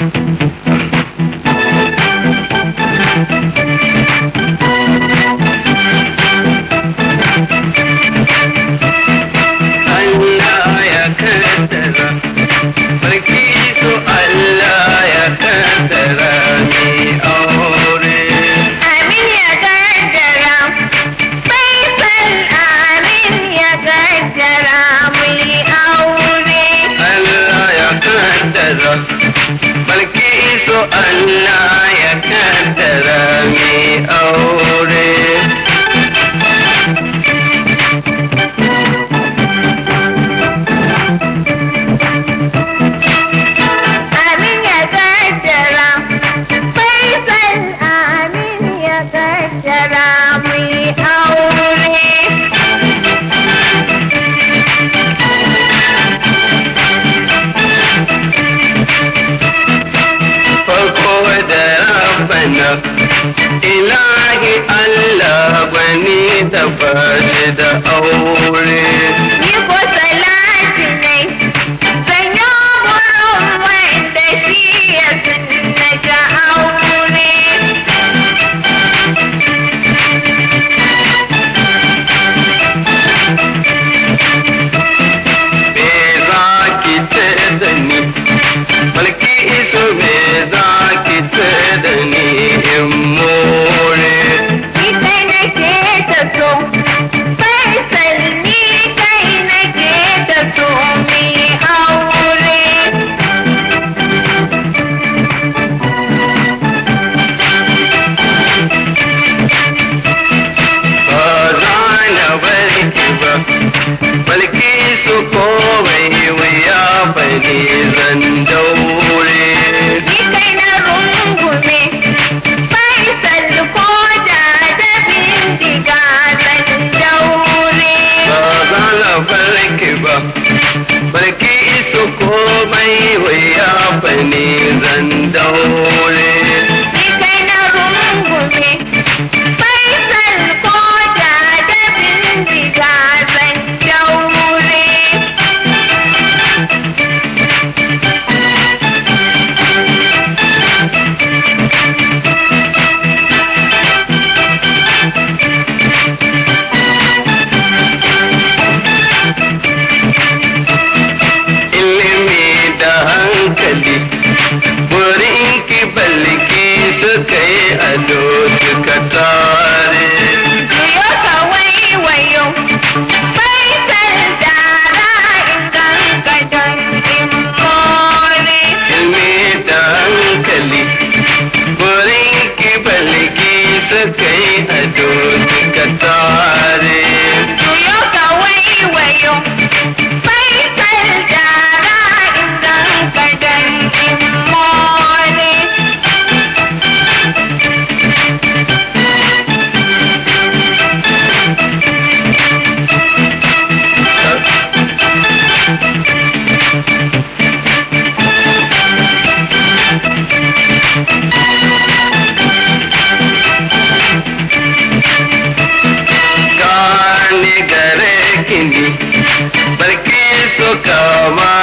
Thank you. balki so Allah ya kaddara mai aure Amin ya kaddara mai aure mana ilahi Allah bani da bani da aure ni ko salati ne sanyo wanda shi ya sunna ta aure Me za ki ce da ni, balki me barki ba barki ito komai wai ya fani my.